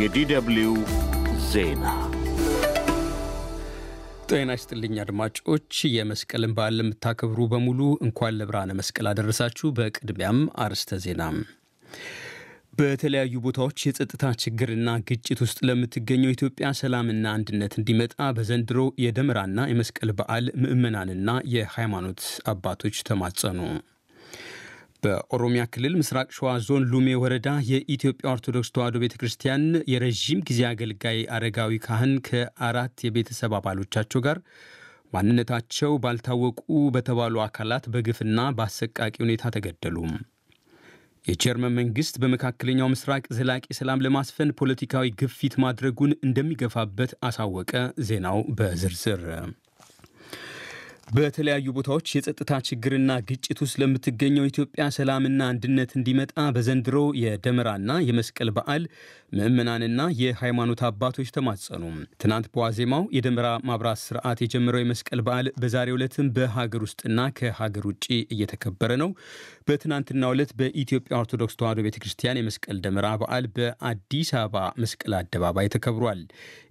የዲደብሊው ዜና ጤና ይስጥልኝ አድማጮች፣ የመስቀልን በዓል ለምታከብሩ በሙሉ እንኳን ለብርሃነ መስቀል አደረሳችሁ። በቅድሚያም አርዕስተ ዜና። በተለያዩ ቦታዎች የጸጥታ ችግርና ግጭት ውስጥ ለምትገኘው ኢትዮጵያ ሰላምና አንድነት እንዲመጣ በዘንድሮ የደመራና የመስቀል በዓል ምዕመናንና የሃይማኖት አባቶች ተማጸኑ። በኦሮሚያ ክልል ምስራቅ ሸዋ ዞን ሉሜ ወረዳ የኢትዮጵያ ኦርቶዶክስ ተዋሕዶ ቤተ ክርስቲያን የረዥም ጊዜ አገልጋይ አረጋዊ ካህን ከአራት የቤተሰብ አባሎቻቸው ጋር ማንነታቸው ባልታወቁ በተባሉ አካላት በግፍና በአሰቃቂ ሁኔታ ተገደሉ። የጀርመን መንግስት በመካከለኛው ምስራቅ ዘላቂ ሰላም ለማስፈን ፖለቲካዊ ግፊት ማድረጉን እንደሚገፋበት አሳወቀ። ዜናው በዝርዝር በተለያዩ ቦታዎች የጸጥታ ችግርና ግጭት ውስጥ ለምትገኘው ኢትዮጵያ ሰላምና አንድነት እንዲመጣ በዘንድሮ የደመራና የመስቀል በዓል ምዕመናንና የሃይማኖት አባቶች ተማጸኑ። ትናንት በዋዜማው የደመራ ማብራት ስርዓት የጀመረው የመስቀል በዓል በዛሬው ዕለትም በሀገር ውስጥና ከሀገር ውጭ እየተከበረ ነው። በትናንትናው ዕለት በኢትዮጵያ ኦርቶዶክስ ተዋሕዶ ቤተ ክርስቲያን የመስቀል ደመራ በዓል በአዲስ አበባ መስቀል አደባባይ ተከብሯል።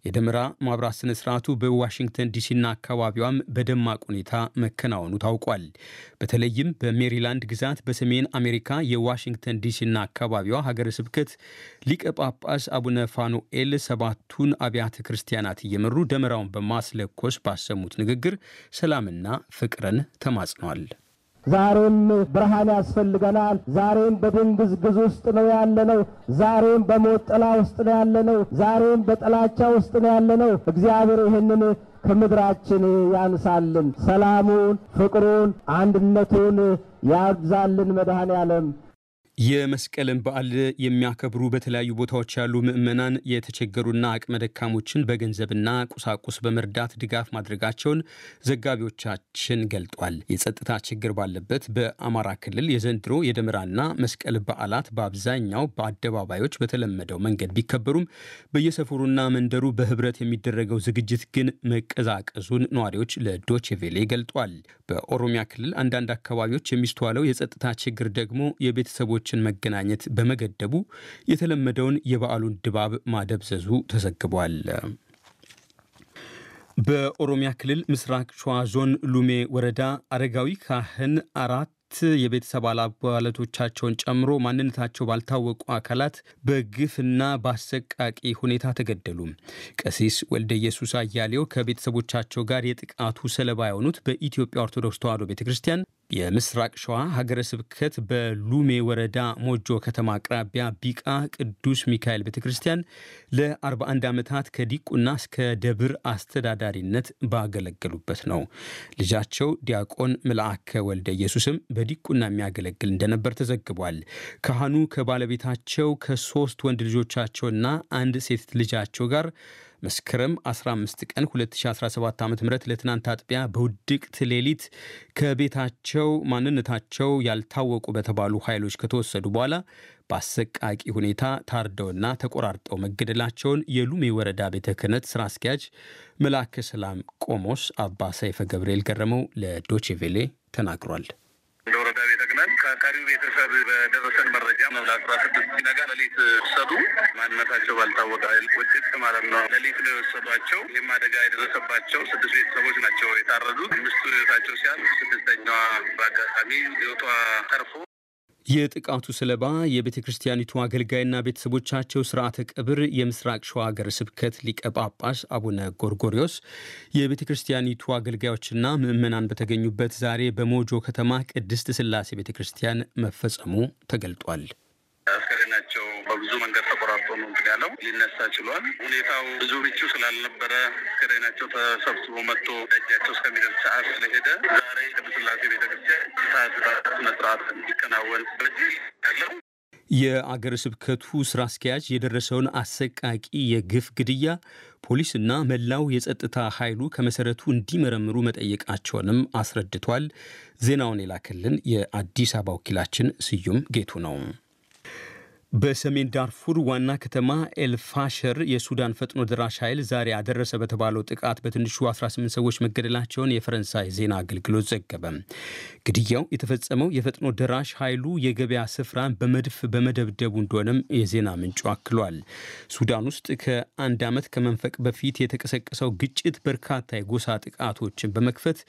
የደመራ ማብራት ስነ ስርዓቱ በዋሽንግተን ዲሲና አካባቢዋም በደማቅ ነው። ሁኔታ መከናወኑ ታውቋል። በተለይም በሜሪላንድ ግዛት በሰሜን አሜሪካ የዋሽንግተን ዲሲና አካባቢዋ ሀገረ ስብከት ሊቀ ጳጳስ አቡነ ፋኑኤል ሰባቱን አብያተ ክርስቲያናት እየመሩ ደመራውን በማስለኮስ ባሰሙት ንግግር ሰላምና ፍቅርን ተማጽኗል። ዛሬም ብርሃን ያስፈልገናል። ዛሬም በድንግዝግዝ ውስጥ ነው ያለነው። ዛሬም በሞት ጥላ ውስጥ ነው ያለነው። ዛሬም በጥላቻ ውስጥ ነው ያለነው። እግዚአብሔር ይህንን ከምድራችን ያንሳልን፣ ሰላሙን፣ ፍቅሩን፣ አንድነቱን ያብዛልን መድኃኔ ዓለም የመስቀልን በዓል የሚያከብሩ በተለያዩ ቦታዎች ያሉ ምዕመናን የተቸገሩና አቅመ ደካሞችን በገንዘብና ቁሳቁስ በመርዳት ድጋፍ ማድረጋቸውን ዘጋቢዎቻችን ገልጧል። የጸጥታ ችግር ባለበት በአማራ ክልል የዘንድሮ የደመራና መስቀል በዓላት በአብዛኛው በአደባባዮች በተለመደው መንገድ ቢከበሩም በየሰፈሩና መንደሩ በህብረት የሚደረገው ዝግጅት ግን መቀዛቀዙን ነዋሪዎች ለዶችቬሌ ገልጧል። በኦሮሚያ ክልል አንዳንድ አካባቢዎች የሚስተዋለው የጸጥታ ችግር ደግሞ የቤተሰቦች ሰዎችን መገናኘት በመገደቡ የተለመደውን የበዓሉን ድባብ ማደብዘዙ ተዘግቧል። በኦሮሚያ ክልል ምስራቅ ሸዋ ዞን ሉሜ ወረዳ አረጋዊ ካህን አራት የቤተሰብ አባላቶቻቸውን ጨምሮ ማንነታቸው ባልታወቁ አካላት በግፍና በአሰቃቂ ሁኔታ ተገደሉ። ቀሲስ ወልደ ኢየሱስ አያሌው ከቤተሰቦቻቸው ጋር የጥቃቱ ሰለባ የሆኑት በኢትዮጵያ ኦርቶዶክስ ተዋሕዶ ቤተ ክርስቲያን የምስራቅ ሸዋ ሀገረ ስብከት በሉሜ ወረዳ ሞጆ ከተማ አቅራቢያ ቢቃ ቅዱስ ሚካኤል ቤተ ክርስቲያን ለ41 ዓመታት ከዲቁና እስከ ደብር አስተዳዳሪነት ባገለገሉበት ነው። ልጃቸው ዲያቆን መልአከ ወልደ ኢየሱስም በዲቁና የሚያገለግል እንደነበር ተዘግቧል። ካህኑ ከባለቤታቸው ከሶስት ወንድ ልጆቻቸውና አንድ ሴት ልጃቸው ጋር መስከረም 15 ቀን 2017 ዓ ም ለትናንት አጥቢያ በውድቅት ሌሊት ከቤታቸው ማንነታቸው ያልታወቁ በተባሉ ኃይሎች ከተወሰዱ በኋላ በአሰቃቂ ሁኔታ ታርደውና ተቆራርጠው መገደላቸውን የሉሜ ወረዳ ቤተ ክህነት ስራ አስኪያጅ መልአከ ሰላም ቆሞስ አባ ሰይፈ ገብርኤል ገረመው ለዶቼቬሌ ተናግሯል። እንደ ወረዳ ማንነታቸው ባልታወቀ ኃይል ውጤት ማለት ነው ሌሊት ነው የወሰዷቸው። ይህም አደጋ የደረሰባቸው ስድስት ቤተሰቦች ናቸው የታረዱት። አምስቱ ህይወታቸው ሲያልፍ ስድስተኛዋ በአጋጣሚ ህይወቷ ተርፎ የጥቃቱ ሰለባ የቤተ ክርስቲያኒቱ አገልጋይና ቤተሰቦቻቸው ስርዓተ ቀብር የምስራቅ ሸዋ ሀገረ ስብከት ሊቀ ጳጳስ አቡነ ጎርጎሪዮስ የቤተ ክርስቲያኒቱ አገልጋዮችና ምዕመናን በተገኙበት ዛሬ በሞጆ ከተማ ቅድስት ስላሴ ቤተ ክርስቲያን መፈጸሙ ተገልጧል። ነው ሊነሳ ችሏል። ሁኔታው ብዙ ምቹ ስላልነበረ ክሬናቸው ተሰብስቦ መጥቶ ደጃቸው እስከሚደርስ ሰዓት ስለሄደ ዛሬ ቅድስላሴ ቤተክርስቲያን ሰዓት ስነስርዓት እንዲከናወን ስለዚህ ያለው የአገረ ስብከቱ ስራ አስኪያጅ የደረሰውን አሰቃቂ የግፍ ግድያ ፖሊስና መላው የጸጥታ ኃይሉ ከመሰረቱ እንዲመረምሩ መጠየቃቸውንም አስረድቷል። ዜናውን የላከልን የአዲስ አበባ ወኪላችን ስዩም ጌቱ ነው። በሰሜን ዳርፉር ዋና ከተማ ኤልፋሸር የሱዳን ፈጥኖ ደራሽ ኃይል ዛሬ ያደረሰ በተባለው ጥቃት በትንሹ 18 ሰዎች መገደላቸውን የፈረንሳይ ዜና አገልግሎት ዘገበ። ግድያው የተፈጸመው የፈጥኖ ደራሽ ኃይሉ የገበያ ስፍራን በመድፍ በመደብደቡ እንደሆነም የዜና ምንጩ አክሏል። ሱዳን ውስጥ ከአንድ ዓመት ከመንፈቅ በፊት የተቀሰቀሰው ግጭት በርካታ የጎሳ ጥቃቶችን በመክፈት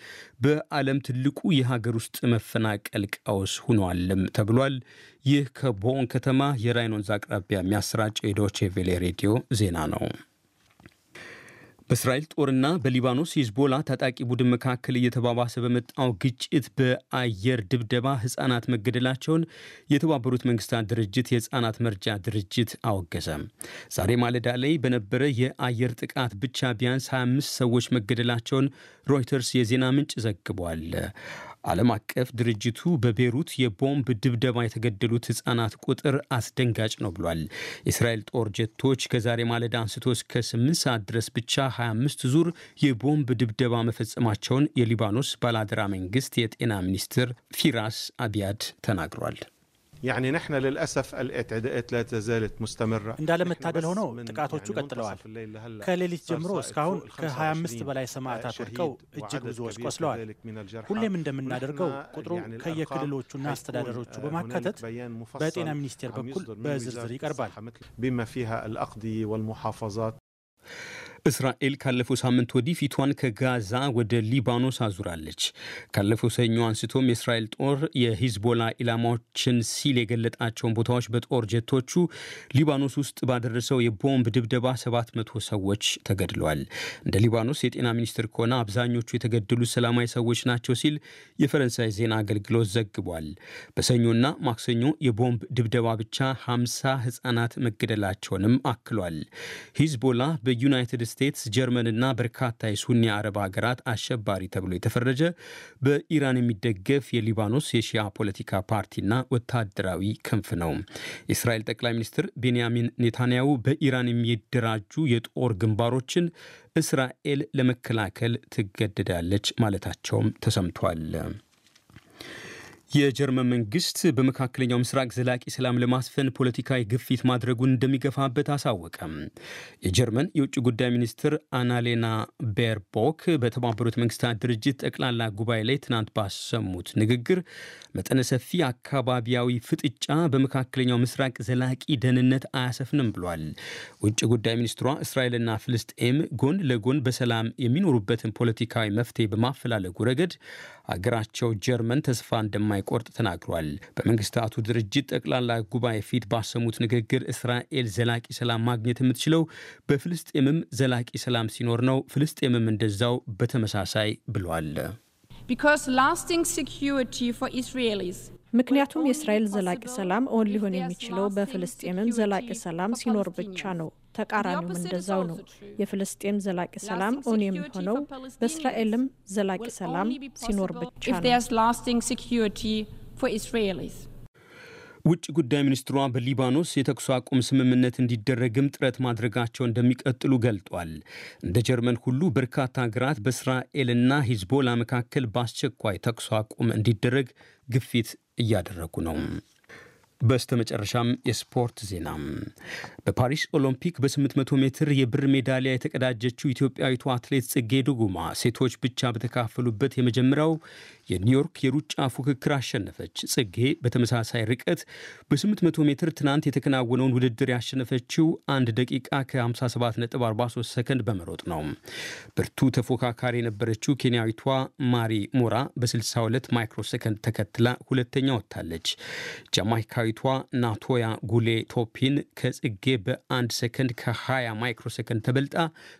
በዓለም ትልቁ የሀገር ውስጥ መፈናቀል ቀውስ ሆኗልም ተብሏል። ይህ ከቦን ከተማ በብሔራዊ ወንዝ አቅራቢያ የሚያሰራጭ የዶቼ ቬሌ ሬዲዮ ዜና ነው። በእስራኤል ጦርና በሊባኖስ ሂዝቦላ ታጣቂ ቡድን መካከል እየተባባሰ በመጣው ግጭት በአየር ድብደባ ህጻናት መገደላቸውን የተባበሩት መንግስታት ድርጅት የህጻናት መርጃ ድርጅት አወገዘም። ዛሬ ማለዳ ላይ በነበረ የአየር ጥቃት ብቻ ቢያንስ 25 ሰዎች መገደላቸውን ሮይተርስ የዜና ምንጭ ዘግቧል። ዓለም አቀፍ ድርጅቱ በቤሩት የቦምብ ድብደባ የተገደሉት ህጻናት ቁጥር አስደንጋጭ ነው ብሏል። የእስራኤል ጦር ጀቶች ከዛሬ ማለዳ አንስቶ እስከ 8 ሰዓት ድረስ ብቻ 25 ዙር የቦምብ ድብደባ መፈጸማቸውን የሊባኖስ ባላደራ መንግስት የጤና ሚኒስትር ፊራስ አቢያድ ተናግሯል። يعني نحن للاسف الاعتداءات لا تزالت مستمره عند لم تعدل هنا تقاطع شو قتل وعلى كليلة جمروس كهون كهاي مست يسمع تاتر كو اجد بزوج كل من دم النادر كو قدروا يعني كي يكلوا شو الناس تدار شو بما كتت باتينا منيستير بكل بازر زريك أربعة بما فيها الأقضية والمحافظات እስራኤል ካለፈው ሳምንት ወዲህ ፊቷን ከጋዛ ወደ ሊባኖስ አዙራለች። ካለፈው ሰኞ አንስቶም የእስራኤል ጦር የሂዝቦላ ኢላማዎችን ሲል የገለጣቸውን ቦታዎች በጦር ጀቶቹ ሊባኖስ ውስጥ ባደረሰው የቦምብ ድብደባ 700 ሰዎች ተገድለዋል። እንደ ሊባኖስ የጤና ሚኒስትር ከሆነ አብዛኞቹ የተገደሉ ሰላማዊ ሰዎች ናቸው ሲል የፈረንሳይ ዜና አገልግሎት ዘግቧል። በሰኞና ማክሰኞ የቦምብ ድብደባ ብቻ 50 ህጻናት መገደላቸውንም አክሏል። ሂዝቦላ በዩናይትድ ስቴትስ፣ ጀርመንና በርካታ የሱኒ አረብ ሀገራት አሸባሪ ተብሎ የተፈረጀ በኢራን የሚደገፍ የሊባኖስ የሺያ ፖለቲካ ፓርቲና ወታደራዊ ክንፍ ነው። የእስራኤል ጠቅላይ ሚኒስትር ቤንያሚን ኔታንያሁ በኢራን የሚደራጁ የጦር ግንባሮችን እስራኤል ለመከላከል ትገደዳለች ማለታቸውም ተሰምቷል። የጀርመን መንግስት በመካከለኛው ምስራቅ ዘላቂ ሰላም ለማስፈን ፖለቲካዊ ግፊት ማድረጉን እንደሚገፋበት አሳወቀም። የጀርመን የውጭ ጉዳይ ሚኒስትር አናሌና ቤርቦክ በተባበሩት መንግስታት ድርጅት ጠቅላላ ጉባኤ ላይ ትናንት ባሰሙት ንግግር መጠነ ሰፊ አካባቢያዊ ፍጥጫ በመካከለኛው ምስራቅ ዘላቂ ደህንነት አያሰፍንም ብሏል። ውጭ ጉዳይ ሚኒስትሯ እስራኤልና ፍልስጤም ጎን ለጎን በሰላም የሚኖሩበትን ፖለቲካዊ መፍትሄ በማፈላለጉ ረገድ አገራቸው ጀርመን ተስፋ እንደማይ እንደማይቆርጥ ተናግሯል። በመንግስታቱ ድርጅት ጠቅላላ ጉባኤ ፊት ባሰሙት ንግግር እስራኤል ዘላቂ ሰላም ማግኘት የምትችለው በፍልስጤምም ዘላቂ ሰላም ሲኖር ነው፣ ፍልስጤምም እንደዛው በተመሳሳይ ብሏል። ምክንያቱም የእስራኤል ዘላቂ ሰላም እውን ሊሆን የሚችለው በፍልስጤምም ዘላቂ ሰላም ሲኖር ብቻ ነው። ተቃራኒውም እንደዛው ነው። የፍልስጤም ዘላቂ ሰላም እውን የሚሆነው በእስራኤልም ዘላቂ ሰላም ሲኖር ብቻ ነው። ውጭ ጉዳይ ሚኒስትሯ በሊባኖስ የተኩስ አቁም ስምምነት እንዲደረግም ጥረት ማድረጋቸው እንደሚቀጥሉ ገልጧል። እንደ ጀርመን ሁሉ በርካታ ሀገራት በእስራኤልና ሂዝቦላ መካከል በአስቸኳይ ተኩስ አቁም እንዲደረግ ግፊት እያደረጉ ነው። በስተ መጨረሻም የስፖርት ዜና። በፓሪስ ኦሎምፒክ በ800 ሜትር የብር ሜዳሊያ የተቀዳጀችው ኢትዮጵያዊቱ አትሌት ጽጌ ድጉማ ሴቶች ብቻ በተካፈሉበት የመጀመሪያው የኒውዮርክ የሩጫ ፉክክር አሸነፈች። ጽጌ በተመሳሳይ ርቀት በ800 ሜትር ትናንት የተከናወነውን ውድድር ያሸነፈችው 1 ደቂቃ ከ57.43 ሰከንድ በመሮጥ ነው። ብርቱ ተፎካካሪ የነበረችው ኬንያዊቷ ማሪ ሞራ በ62 ማይክሮ ሰከንድ ተከትላ ሁለተኛ ወጥታለች። ጃማይካዊቷ ናቶያ ጉሌ ቶፒን ከጽጌ በ1 ሰከንድ ከ20 ማይክሮ ሰከንድ ተበልጣ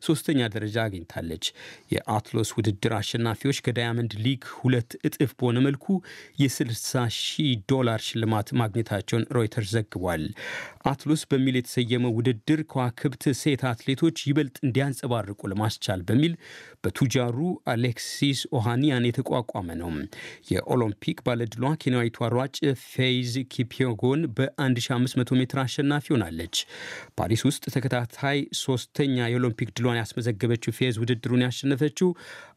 ሶስተኛ ደረጃ አግኝታለች። የአትሎስ ውድድር አሸናፊዎች ከዳያመንድ ሊግ ሁለት እጥፍ በሆነ መልኩ የ60 ሺህ ዶላር ሽልማት ማግኘታቸውን ሮይተርስ ዘግቧል። አትሎስ በሚል የተሰየመው ውድድር ከዋክብት ሴት አትሌቶች ይበልጥ እንዲያንጸባርቁ ለማስቻል በሚል በቱጃሩ አሌክሲስ ኦሃኒያን የተቋቋመ ነው። የኦሎምፒክ ባለድሏ ኬንያዊቷ ሯጭ ፌይዝ ኪፒጎን በ1500 ሜትር አሸናፊ ሆናለች። ፓሪስ ውስጥ ተከታታይ ሶስተኛ የኦሎምፒክ ድሏን ያስመዘገበችው ፌዝ ውድድሩን ያሸነፈችው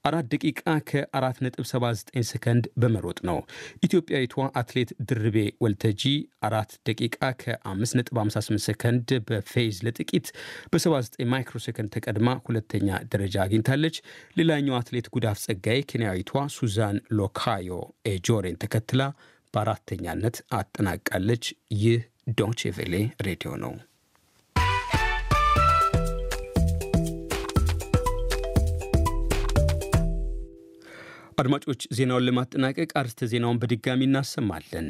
አራት ደቂቃ ከ4.79 ሰከንድ በመሮጥ ነው። ኢትዮጵያዊቷ አትሌት ድርቤ ወልተጂ አራት ደቂቃ ከ5.58 ሰከንድ በፌዝ ለጥቂት በ79 ማይክሮ ሰከንድ ተቀድማ ሁለተኛ ደረጃ አግኝታለች። ሌላኛው አትሌት ጉዳፍ ጸጋይ ኬንያዊቷ ሱዛን ሎካዮ ኤጆሬን ተከትላ በአራተኛነት አጠናቃለች። ይህ ዶቼ ቬሌ ሬዲዮ ነው። አድማጮች ዜናውን ለማጠናቀቅ አርስተ ዜናውን በድጋሚ እናሰማለን።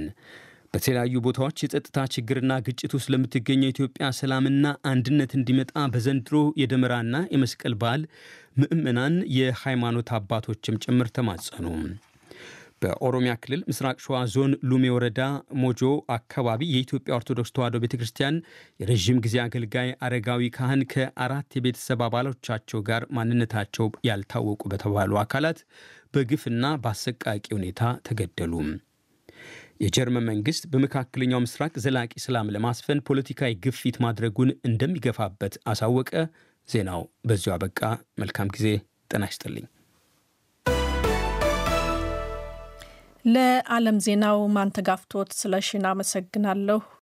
በተለያዩ ቦታዎች የጸጥታ ችግርና ግጭት ውስጥ ለምትገኘው ኢትዮጵያ ሰላምና አንድነት እንዲመጣ በዘንድሮ የደመራና የመስቀል በዓል ምዕመናን፣ የሃይማኖት አባቶችም ጭምር ተማጸኑ። በኦሮሚያ ክልል ምስራቅ ሸዋ ዞን ሉሜ ወረዳ ሞጆ አካባቢ የኢትዮጵያ ኦርቶዶክስ ተዋሕዶ ቤተ ክርስቲያን የረዥም ጊዜ አገልጋይ አረጋዊ ካህን ከአራት የቤተሰብ አባሎቻቸው ጋር ማንነታቸው ያልታወቁ በተባሉ አካላት በግፍና በአሰቃቂ ሁኔታ ተገደሉ። የጀርመን መንግስት በመካከለኛው ምስራቅ ዘላቂ ሰላም ለማስፈን ፖለቲካዊ ግፊት ማድረጉን እንደሚገፋበት አሳወቀ። ዜናው በዚሁ አበቃ። መልካም ጊዜ። ጤና ይስጥልኝ። ለዓለም ዜናው ማንተጋፍቶት ስለሽን አመሰግናለሁ።